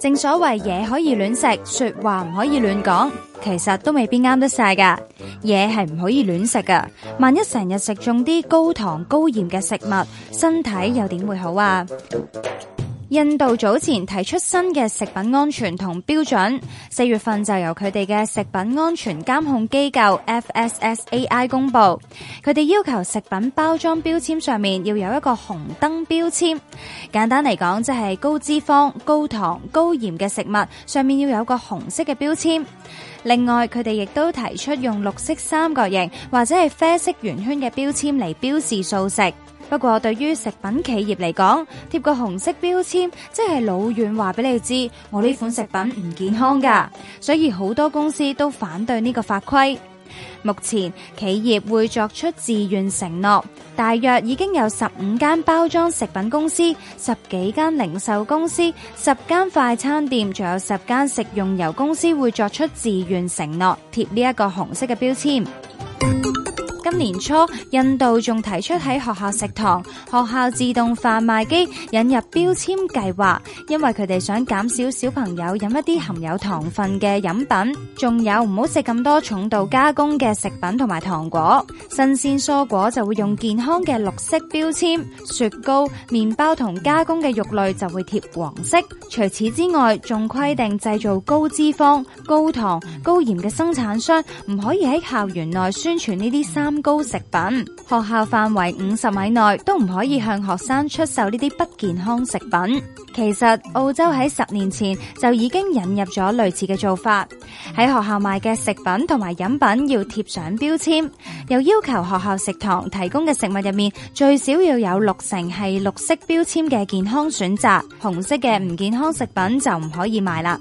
正所謂嘢可以亂食，說話唔可以亂講，其實都未必啱得晒噶。嘢係唔可以亂食噶，萬一成日食中啲高糖高鹽嘅食物，身體又點會好啊？印度早前提出新嘅食品安全同標準，四月份就由佢哋嘅食品安全監控機構 FSSAI 公布。佢哋要求食品包裝標籤上面要有一個紅燈標籤，簡單嚟講，即係高脂肪、高糖、高鹽嘅食物上面要有個紅色嘅標籤。另外，佢哋亦都提出用綠色三角形或者係啡色圓圈嘅標籤嚟標示素食。不過對於食品企業嚟講，貼個紅色標籤即係老遠話俾你知，我呢款食品唔健康噶。所以好多公司都反對呢個法規。目前企業會作出自願承諾，大約已經有十五間包裝食品公司、十幾間零售公司、十間快餐店，仲有十間食用油公司會作出自願承諾，貼呢一個紅色嘅標籤。今年初，印度仲提出喺學校食堂、學校自動販賣機引入標籤計劃，因為佢哋想減少小朋友飲一啲含有糖分嘅飲品，仲有唔好食咁多重度加工嘅食品同埋糖果。新鮮蔬果就會用健康嘅綠色標籤，雪糕、麵包同加工嘅肉類就會貼黃色。除此之外，仲規定製造高脂肪、高糖、高鹽嘅生產商唔可以喺校園內宣傳呢啲三。高食品，學校範圍五十米內都唔可以向學生出售呢啲不健康食品。其實澳洲喺十年前就已經引入咗類似嘅做法，喺學校賣嘅食品同埋飲品要貼上標籤，又要求學校食堂提供嘅食物入面最少要有六成係綠色標籤嘅健康選擇，紅色嘅唔健康食品就唔可以賣啦。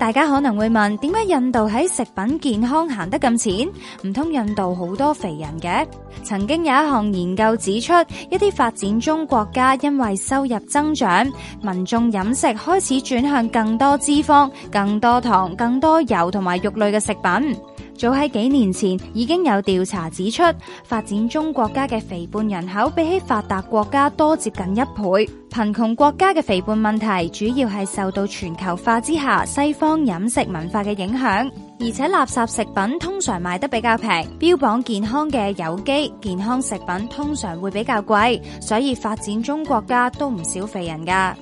大家可能會問，點解印度喺食品健康行得咁淺？唔通印度好多肥人嘅？曾經有一項研究指出，一啲發展中國家因為收入增長，民眾飲食開始轉向更多脂肪、更多糖、更多油同埋肉類嘅食品。早喺幾年前已經有調查指出，發展中國家嘅肥胖人口比起發達國家多接近一倍。貧窮國家嘅肥胖問題主要係受到全球化之下西方飲食文化嘅影響，而且垃圾食品通常賣得比較平，標榜健康嘅有機健康食品通常會比較貴，所以發展中國家都唔少肥人㗎。